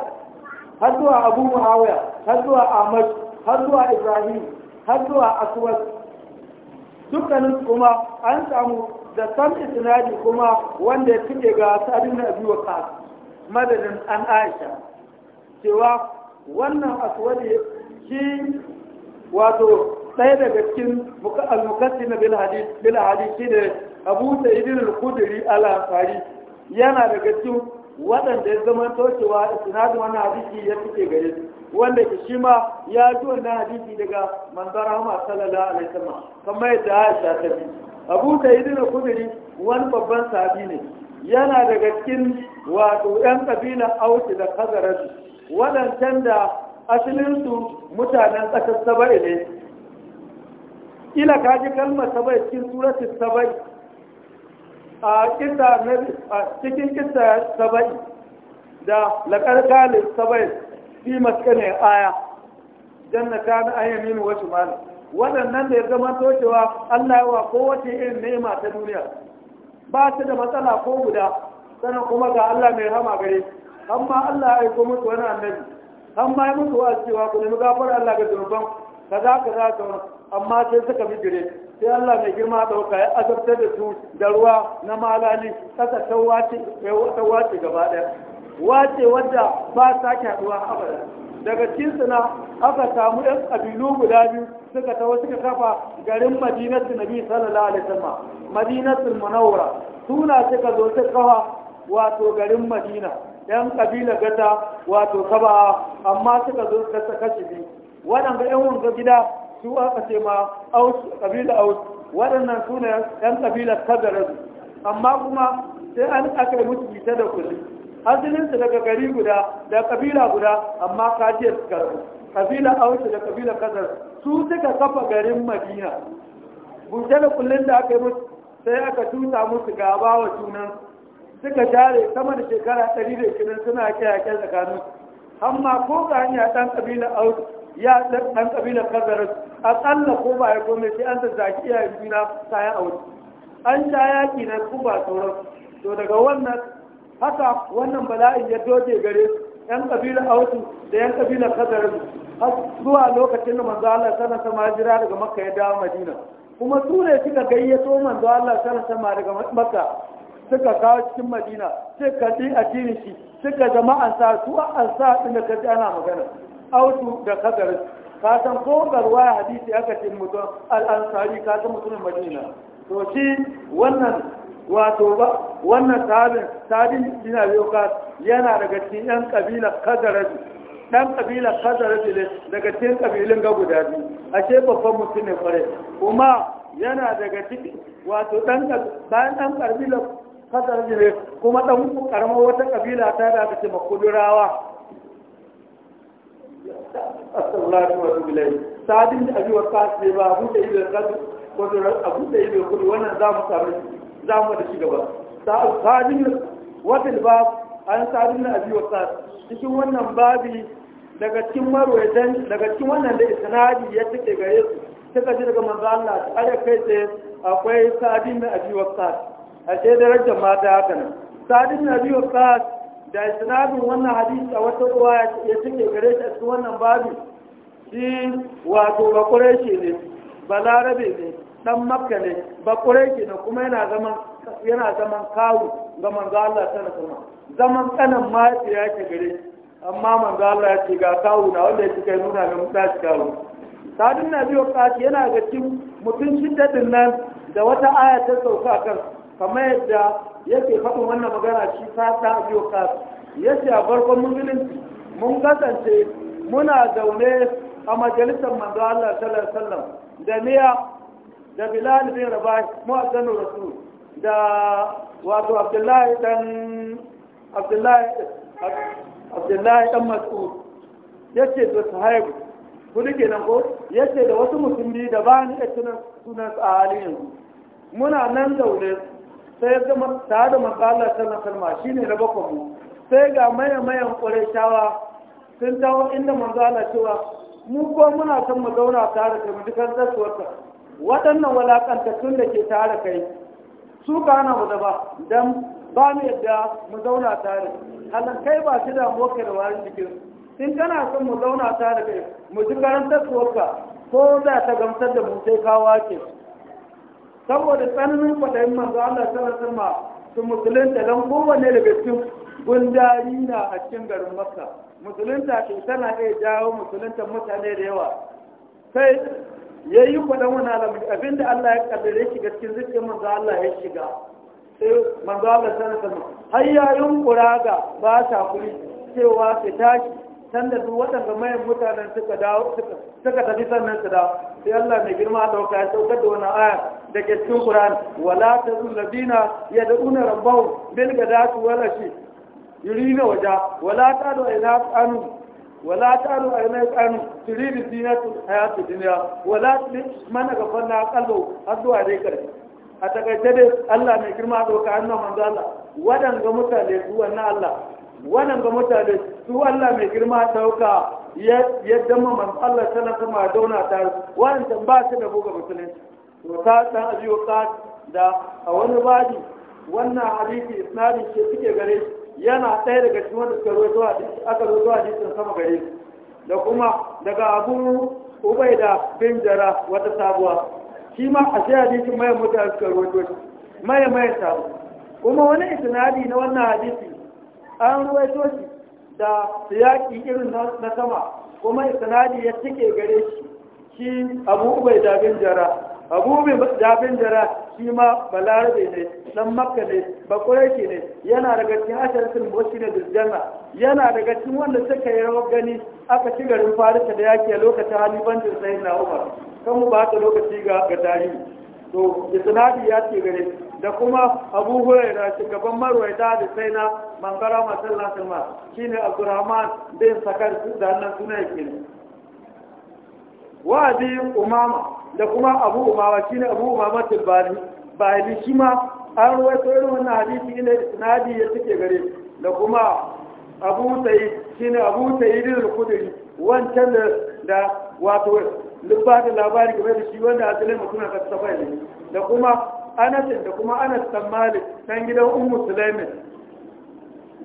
har zuwa abu muawiya har zuwa amash har zuwa ibrahim har zuwa aswad dukkanin kuma an samu da sam itinadi kuma wanda ya fiye ga sa'adin da wa ƙasir madadin an aisha cewa wannan aswadi shi wato ɗaya daga cikin al-mukassim bil hadith bil hadith shine Abu Sa'id al-Khudri al-Ansari yana daga cikin waɗanda ya zama tocewa isnadin wannan hadisi ya fi gare su wanda shi ma ya ji wannan hadisi daga manzara Rahama sallallahu alaihi wasallam kamar yadda Aisha ta bi Abu Sa'id al-Khudri wani babban sahabi ne yana daga cikin wato 'yan kabilan Aus da Khazraj waɗancan da asalinsu mutanen ƙasar sabai ne ila ka ji kalmar sabai cikin suratun sabai a kisa na cikin kisa sabai da laƙarƙalin sabai fi maskanin aya jannata na mini wasu malam waɗannan da ya zama cewa allah yawa kowace irin nema ta duniya ba su da matsala ko guda sannan kuma ga allah mai hama gare amma allah ya aiko musu wani annabi an ma yi musu wa cewa ku nemi gafara Allah ga zunuban kaza kaza ka amma sai suka bi gire sai Allah mai girma dauka ya azabta da su da ruwa na malali kasa ta wace wata wace gaba daya wace wadda ba sake haduwa abada daga cikin aka samu ɗan ƙabilu guda biyu suka wasu suka kafa garin madinatu nabi sallallahu alaihi wasallam madinatu munawwara suna suka zo suka kafa wato garin madina yan kabila gata wato kaba amma suka zo ta kashi ne waɗanda yan wanga gida su aka ce ma aus kabila aus waɗannan su ne yan kabila kadara amma kuma sai an aka yi musu bita da kuɗi su daga gari guda da kabila guda amma kajiyar su ƙabila kabila aus da kabila kadara su suka kafa garin madina bujjana da kullum da aka yi musu sai aka tuta musu gaba wa junansu suka jare sama da shekara ɗari da nan suna yaƙe-yaƙe tsakanin amma ko ga hanya ɗan ƙabilar aus ya ɗan ƙabilar kazarar a tsalla ko ba ya komai sai an zazzaki yi juna kayan aus an sha yaƙi na kuba sauran to daga wannan haka wannan bala'in ya doke gare ƴan yan ƙabilar ausu da yan ƙabilar kazarar zuwa lokacin da manzo Allah sana sama jira daga makka ya dawo madina kuma su ne suka gayyato manzo Allah sana sama daga makka suka kawo cikin madina suka a addinin shi suka zama an sa su an sa din da ji ana magana autu da kagarin ka san ko garwa hadisi aka ce mutum al'ansari ansari ka san mutumin madina to shi wannan wato ba wannan sabin sabin dina yoka yana daga cikin yan kabila kagarin dan kabila kadar daga cikin kabilin ga guda biyu ashe babban mutumin kware kuma yana daga cikin wato dan bayan dan kabila fasar kuma ɗan karamar wata kabila ta da aka makudurawa wa sadin da abi wa kasi ba da abu da kudu wannan samu da sadin ba an sadin da abi cikin wannan babi daga cikin daga cikin wannan da isnadi ya take gare su ji daga manzo Allah kai akwai sadin da abi a sai darajar mata haka nan sadin na biyu kas da isnadin wannan hadisi a wata ruwa ya cike gare shi a cikin wannan babu shi wato bakure shi ne balarabe ne dan makka ne bakure shi ne kuma yana zaman yana zaman kawu ga manzo Allah ta nasama zaman kanan ma ya ke gare amma manzo Allah ya ce ga kawu na wanda ya kai nuna ga mutaci kawo sadin na biyu kas yana ga cikin mutum shiddatin nan da wata aya ta sauka kansa kamar yadda yake faɗin wannan magana shi ta ta biyo kasu yace a farkon musulunci mun kasance muna zaune a majalisar manzo Allah sallallahu alaihi wasallam da miya da Bilal bin Rabah mu'azzanu rasul da wato Abdullahi dan Abdullahi Abdullahi dan Mas'ud yace da sahibi ke kenan ko yace da wasu musulmi da ba ni sunan sunan a halin yanzu muna nan zaune sai zama tare da makala ta na kalma shi ne na bakwai mu sai ga mayan mayan ƙwarai sun tawo inda manzo cewa mu ko muna son mu zauna tare da mu zarsuwarta waɗannan waɗannan tun da ke tare kai su ka hana mu da ba don ba mu yadda mu zauna tare halin kai ba shi da mu da warin jikin in kana son mu zauna tare kai mu ji ko za ta gamsar da mu sai ka wace saboda tsananin kwaɗayin manzo Allah ta rasar ma su musulunta don kowane daga cikin gundari na a cikin garin Makka musulunta ke tana iya jawo musulunta mutane da yawa sai ya yi kwaɗan wani alamari abinda Allah ya kaddare ya shiga cikin zikin manzo Allah ya shiga sai manzo Allah ta rasar ma har ya yunkura ga ba ta kuri cewa sai tashi sanda su waɗanda mayan mutanen suka dawo suka tafi sannan su dawo sai Allah mai girma dauka ya saukar da wani aya da ke cikin Qur'an wala tazul ladina yad'una rabbahum bil ghadati wal ashi yurina waja wala tadu ila anu ولا تعلوا عينيك أن تريد زينة الحياة الدنيا ولا تلف من غفلنا قلبه dai عليك a takaice dai Allah mai girma doka annan annabawan Allah waɗanga mutane su wannan Allah wannan ga mutane su Allah mai girma dauka ya dama manzo Allah sana kuma dauna ta wannan ba su da buga musulun to ta san ajiyo ka da a wani baji wannan hadisi isnadi ke suke gare yana ɗaya daga cikin wanda suka rawaito hadisi aka rawaito jikin sama gare da kuma daga Abu Ubaida bin Jara wata sabuwa shi ma a shi hadisi mai mutane suka rawaito mai mai sabu kuma wani isnadi na wannan hadisi an ruwaito shi da yaƙi irin na sama kuma isanadi ya cike gare shi shi abu ubai dabin jara abu ubai dabin jara shi ma balarabe ne dan makka ne bakwai ne yana daga cikin asharatul ne diljanna yana daga cikin wanda suka yi rawar gani aka ci garin farisa da yaƙi a lokacin halibancin na umar kan mu ba ta lokaci ga ga tarihi to isanadi ya ce gare da kuma abu huraira shugaban marwai da sai na mangara masu lasalma shi ne abdurrahman bin sakar da nan suna yake ne wa'adi umama da kuma abu umama shi ne abu umama tilbani bayani shi ma an ruwaito irin wani hadisi inda sinadi ya suke gare da kuma abu sai shi ne abu sai din kudiri wancan da wato lubba da labari game da shi wanda asalin mutum na kasa da kuma Anasin, da kuma anas dan malik dan gidan ummu sulaimin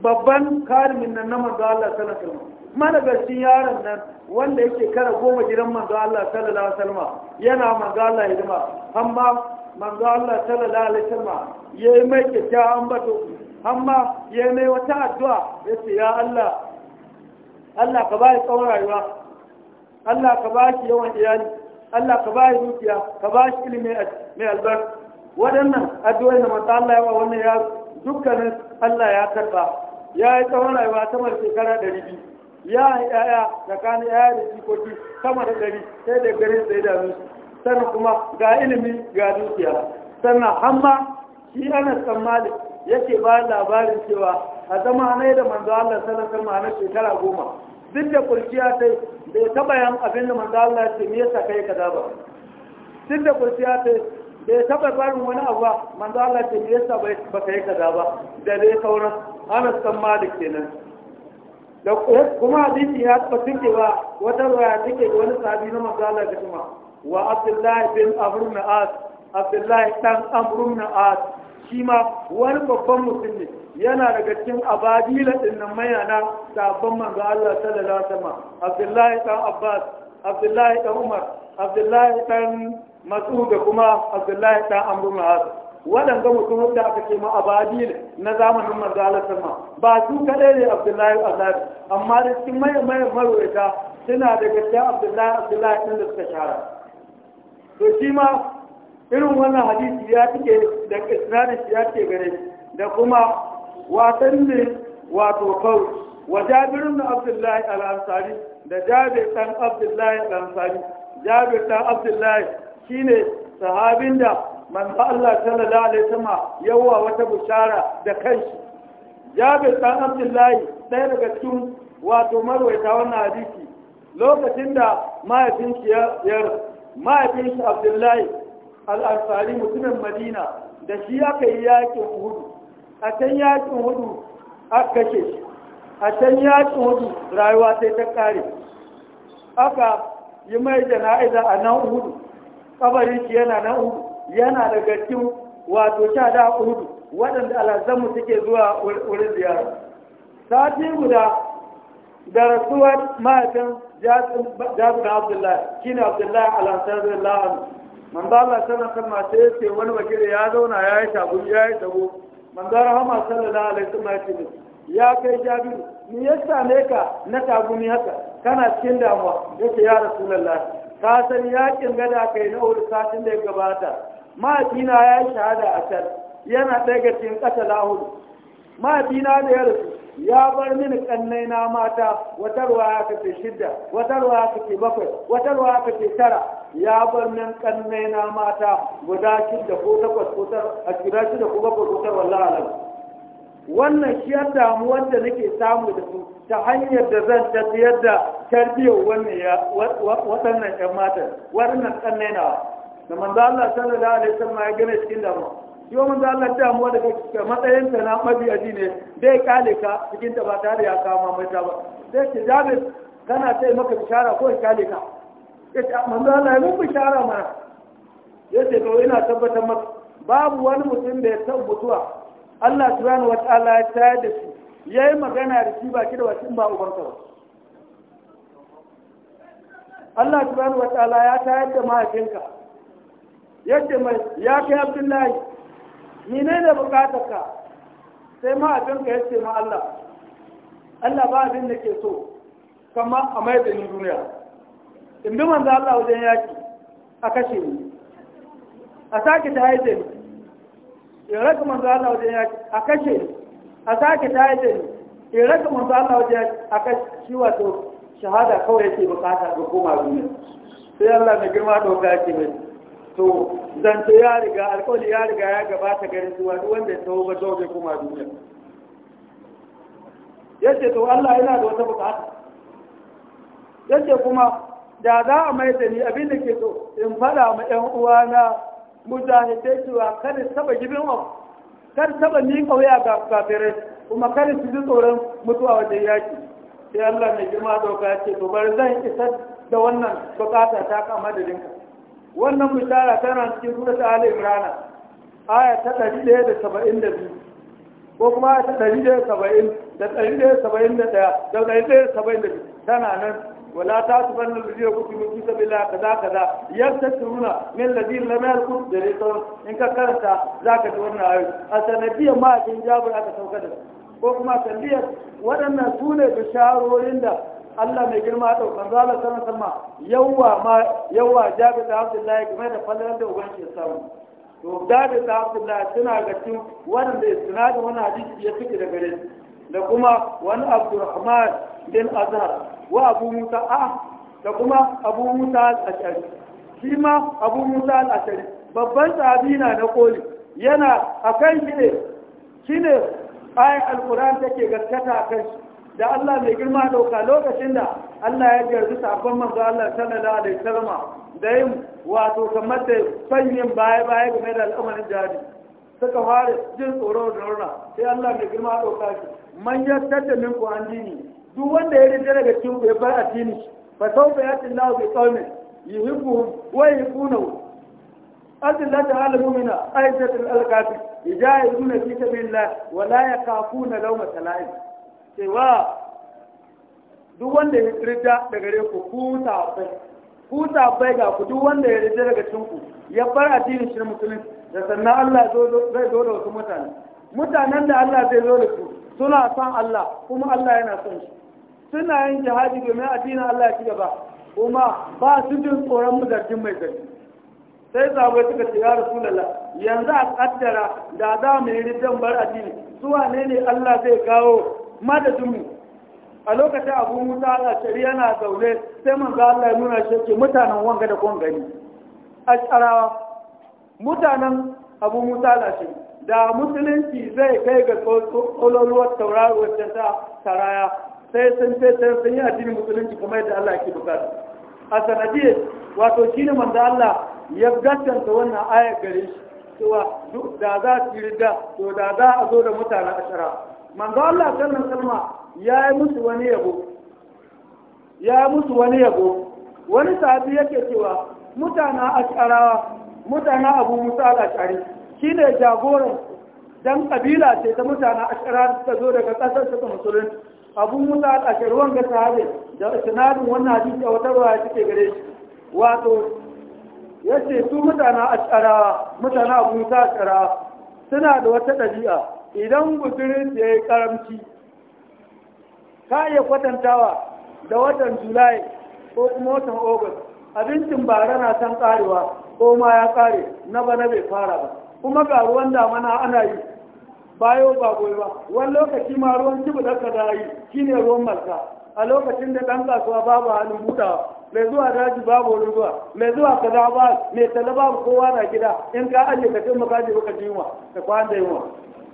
babban karimin nan na manzo Allah sallallahu alaihi wasallam malagashin yaron nan wanda yake kara goma gidan manzo Allah sallallahu alaihi wasallam yana manzo Allah hidima amma manzo Allah sallallahu alaihi wasallam yayi mai kyakkyawan bato amma yayi mai wata addu'a yace ya Allah Allah ka bai tsawon rayuwa Allah ka ba shi yawan iyali Allah ka ba dukiya ka ba shi ilimi mai albarka waɗannan addu'ai da manzo Allah ya ba wannan ya dukkanin Allah ya karɓa ya yi tsawon rayuwa ta mai shekara ɗari biyu ya yi ƴaƴa tsakanin ƴaƴa da jikoki sama da ɗari sai da gare sai da su sannan kuma ga ilimi ga dukiya sannan hamma shi ana tsammali yake ba labarin cewa a zama na da manzo Allah sallallahu alaihi na shekara goma duk da kurciya sai bai taɓa yan abin da manzo Allah ya ce me yasa kai kaza ba duk da kurciya sai bai taɓa barin wani abu ba manzo Allah ce me yasa ba ka yi kaza ba da dai sauran ana san Malik kenan da kuma hadisi ya taɓa ba, wata waya take da wani sahabi na manzo Allah ga kuma wa Abdullahi bin Amr na As Abdullahi dan Amr na As shi ma wani babban mutum ne yana daga cikin abadila din nan mayana sabon manzo Allah sallallahu alaihi wasallam Abdullahi dan Abbas Abdullahi dan Umar Abdullahi dan masu da kuma abdullahi ɗan amru ma'azu waɗanda mutum da aka ce ne na zamanin manzalatar ma ba su kaɗai ne abdullahi azari amma da cikin mai marwaita suna da gaskiya abdullahi abdullahi ɗin da suka shara to shi ma irin wannan hadisi ya cike da isnadin shi ya ce gare da kuma wasan ne wato kawai wa jabirin na abdullahi al'ansari da jabir ɗan abdullahi al'ansari jabir ɗan abdullahi shine sahabin da manzo Allah sallallahu alaihi wasallam yawa wata bushara da kanshi Jabir dan Abdullahi ɗaya daga cikin wato marwaita wannan hadisi lokacin da mahaifin shi ya mahaifin shi Abdullahi al-Ansari mutumin Madina da shi aka yi yakin hudu, a can yakin hudu aka kashe a can yakin hudu rayuwa sai ta kare aka yi mai jana'iza a nan hudu. kabarin shi yana na uku yana daga cikin wato sha da uhudu waɗanda alazamu suke zuwa wurin ziyara sati guda da rasuwar mahaifin jazu abdullahi shi ne abdullahi alasar da lahan man ba Allah sana kan masu yace wani wakili ya zauna ya yi shabu ya yi shabu man ba rahama sallallahu alaihi wasallam ya ya kai jabi ni ya same ka na tagumi haka kana cikin damuwa yake ya rasulullahi ka san yakin gada kai na hudu satin da ya gabata mahaifina ya yi shahada a can yana ɗaga cikin ƙasa lahudu mahaifina da ya rasu ya bar mini kannai na mata watarwa ruwa aka ce shidda watarwa ruwa aka ce bakwai watarwa ruwa aka ce tara ya bar min kannai na mata guda shidda ko takwas ko tara a guda shidda ko bakwai ko tara wallahi wannan shi ya damuwar da nake samu da su ta hanyar da zan tafiyar da tarbiyyar wannan ya waɗannan ƴan matan waɗannan ƙannai na da manzo Allah sallallahu alaihi wasallam ya gane cikin damuwa Yau wa manzo Allah da kake matsayin ta na mabi ne zai kale ka cikin ta ba da ya kama mai ta ba sai ki jabe kana sai maka bishara ko kale ka sai ah, manzo Allah ya mun bishara mana yace to ina tabbatar maka babu wani mutum da ya san mutuwa Allah subhanahu wa ta'ala ya tayar da su yayi magana da shi baki da wasin ba ubarka ba Allah subhanahu wa ta'ala ya tayar da mahaifinka yadda mai ya kai Abdullahi ni ne menene bukatarka sai mahaifinka ya ce ma Allah Allah ba abin da ke so kama a mai da ni duniya in bi manzo Allah wajen yaki a kashe ni a sake ta haife ni ya raka manzo Allah waje yaki a kashe a sake tashi ya raka manzo Allah waje yaki a kashe shi wato shahada kawai yake bukata ga koma duniya sai Allah mai girma dauka yake mai to zance ya riga alkawali ya riga ya gabata garin zuwa duk wanda ya tawo ba zo bai koma duniya yace to Allah yana da wata bukata yace kuma da za a mai da ni abin da ke so in fada ma ƴan uwana mujahidai cewa kada saba gibin wa kar saba ni kauya ga kafire kuma kar su ji tsoron mutuwa wajen yaki sai Allah mai girma doka ya ce to bar zan isa da wannan bukata ta kama da dinka wannan bishara tana cikin sura ta Ali Imran aya ta 172 ko kuma ta 170 da 171 da 172 tana nan ولا تحسبن الذين قتلوا في سبيل الله كذا كذا يبتسمون من الذين لم يلقوا بريتهم إن كرت ذاك دون أي أسندية ما تنجاب لك سوكدا وكما تنبيه ولن نسول بشارور عند Allah mai girma da kanzala sanar sama yawa ma yawa jabi da Abdullahi game da fallan da ubanci samu to da da Abdullahi suna ga cikin sinadin wannan hadisi ya fike da gare da kuma wani abdurrahman bin azhar wa abu musa a da kuma abu musa al-ashari shi ma abu musa al-ashari babban sahabi na na koli yana akan shi ne shi ne ayin alquran take gaskata akan shi da Allah mai girma dauka lokacin da Allah ya jarzu sakon manzo Allah sallallahu alaihi wasallam da yin wato kamar da sanyin baya baya game da al'amarin jihadi suka fara jin tsoro da sai Allah mai girma dauka shi man yattata minku an dini duk wanda ya rinta daga cikin ku ya bar addini fa sawfa yati Allahu bi qaumin yuhibbuhum wa yuhibbunahu Allah ta'ala mu'mina ayatul al-kafir yajahiduna fi sabilillah wa la yakhafuna lawma talaim cewa duk wanda ya rinta daga gare ku ku tafai ku tafai ga ku duk wanda ya rinta daga cikin ku ya bar a addinin shi musulunci da sannan Allah zai zo da wasu mutane mutanen da Allah zai zo da su suna son Allah kuma Allah yana son su suna yin jihadi domin addinin Allah ya ci gaba kuma ba su jin tsoron mazarkin mai zargi sai sabai suka ce ya rasulullah yanzu a kaddara da za mu yi riddan bar addini su ne ne Allah zai kawo madadinmu a lokacin abu musa a shari'a yana zaune sai manzo Allah ya nuna shi mutanen wanga da kon gani tsarawa mutanen abu musa a shari'a da musulunci zai kai ga ƙololuwar tauraro ta sa saraya sai sun ce sai sun yi addinin musulunci kamar yadda Allah ke bukata a sanadiyar wato shi ne manzo Allah ya gaskanta wannan ayar gare shi cewa duk da za su yi da to da za a zo da mutane shara manzo Allah sallan salma ya yi musu wani yabo ya yi musu wani yabo wani sahabi yake cewa mutana asharawa mutane abu musa al-ashari shi ne jagoran don ƙabila ce ta mutane a shirar ta zo daga ƙasar suka musulun abun musa a shirwan ga sahabe da sinadin wannan hadisi a wata ruwa suke gare shi wato ya ce su mutane a shirawa mutane abu musa a shirawa suna da wata ɗabi'a idan guzurin da ya yi ƙaramci ka iya kwatantawa da watan julai ko kuma watan ogus abincin bara na san karewa ko ma ya kare na ba na bai fara ba kuma ga ruwan damana ana yi bayo ba goyi ba wani lokaci ma ruwan kibu da kaza yi shine ruwan malka a lokacin da ɗan kasuwa babu halin buɗawa mai zuwa daji babu wani zuwa mai zuwa kaza ba mai tala babu kowa na gida in ka aje ka tun ka je ka jima ka kwan da yunwa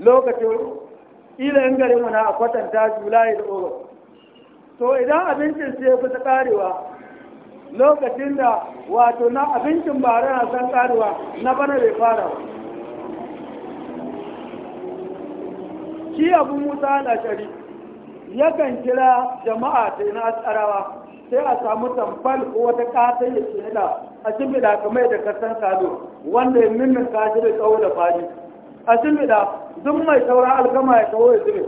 lokacin ila in garin mu na a kwatanta julai da Oro. to idan abincin sai ta karewa lokacin da wato na abincin bara na san karewa na bana bai fara ba shi abu musa na shari yakan kira jama'a ta na tsarawa sai a samu tamfal ko wata kata ya ce da a bida kamar da kasan salo wanda ya nuna kashi da tsawo da fadi a bida duk mai sauran alkama ya tsawo ya zube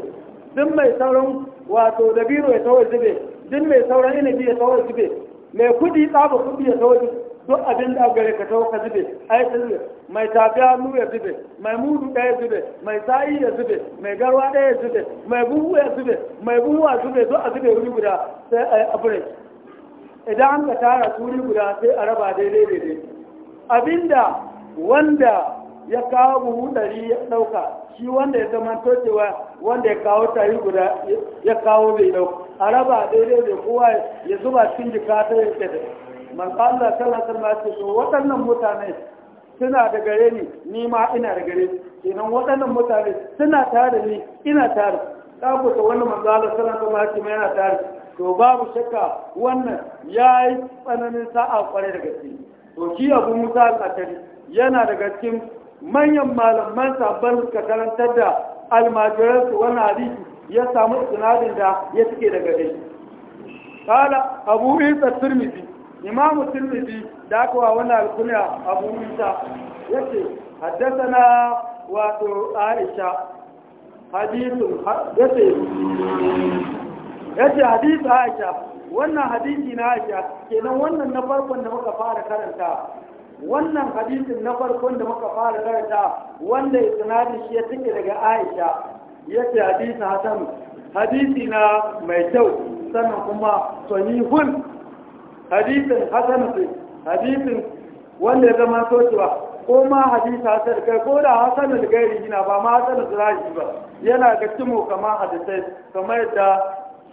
duk mai sauran wato dabino ya tsawo ya zube duk mai sauran inabi ya tsawo ya zube mai kudi tsaba kudi ya tsawo ya zube duk abin da gare ka tau ka zube ai zube mai tafiya mu ya zube mai mudu ɗaya zube mai sa'i ya zube mai garwa ɗaya zube mai buhu ya zube mai buhu a zube duk a zube wuri guda sai a yi idan an ka tara wuri guda sai a raba daidai daidai abinda wanda ya kawo buhu ɗari ya ɗauka shi wanda ya zama cewa wanda ya kawo tari guda ya kawo bai ɗauka a raba daidai da kowa ya zuba cikin jikata ta ya manzala talatar ma ce waɗannan mutane suna da gare ni ni ma ina da gare kenan waɗannan mutane suna tare ni ina tare kafu wannan wani manzala talatar ma ce yana tare to babu shakka wannan ya yi tsananin sa'a kwarai da gaske to shi abu musa al'atari yana da gaske manyan malaman sabon karantar da almajiransu wannan hadisi ya samu sinadin da ya suke daga dai kala abu isa turmizi imamu tirmidhi da aka wa wani alkunya abu musa yace haddasana wato aisha hadithu yace yace hadith aisha wannan hadithi na aisha kenan wannan na farkon da muka fara karanta wannan hadithin na farkon da muka fara karanta wanda ya sanadi shi ya tike daga aisha yace hadithu hasan hadisi na mai kyau sannan kuma sahihun hadisin hasan sai hadisin wanda ya zama tocewa ko ma ta da kai ko da hasan da gairi gina ba ma hasan da rashi ba yana ga cimo kamar hadisai kamar yadda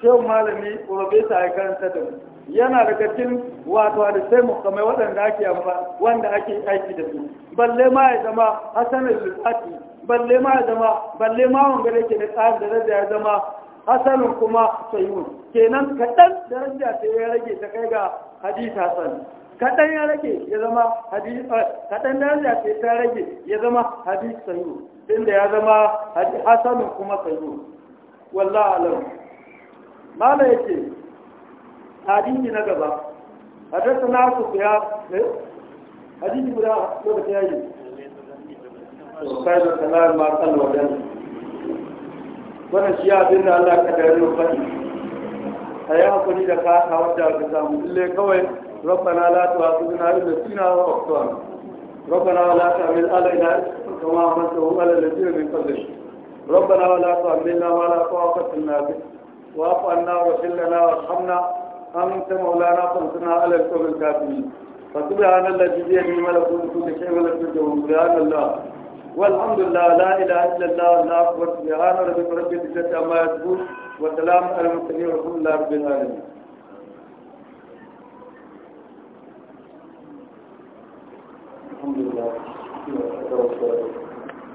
shehu malami profesa ya karanta da mu yana da cikin wato hadisai mukamai waɗanda ake amma wanda ake aiki da su balle ma ya zama hasan al balle ma ya zama balle ma wanda yake da tsarin da ya zama asalin kuma sayu kenan kaɗan daraja sai ya rage ta kai ga hadith hasan kaɗan ya rage ya zama hadith eh, kaɗan daraja sai ta rage ya zama hadith sayu inda ya zama hasanun kuma sayu wallahi alam mala yake hadisi na gaba na su ya حدثنا سفيان حديث بلا لو بتاعي da kana ma kallon wajen wannan shi abin da Allah ka dare mu faɗi ayi hakuri da ka ka wanda ka samu ille kawai rabbana la tu'akhidhna in nasina wa akhtana rabbana la ta'mil alaina kama amanta amantu ala alladhina min qablish rabbana la tu'akhidhna wa la tu'akhidhna lana wa afanna wa sallana wa arhamna anta maulana fansurna ala alqawmil kafirin fa فسبحان الذي بيده ملكوت كل شيء ولم يجوز سبحان الله والحمد لله لا إله إلا الله لا أكبر سبحان ربي رب بجد أما يصفون والسلام على المرسلين والحمد الله رب العالمين الحمد لله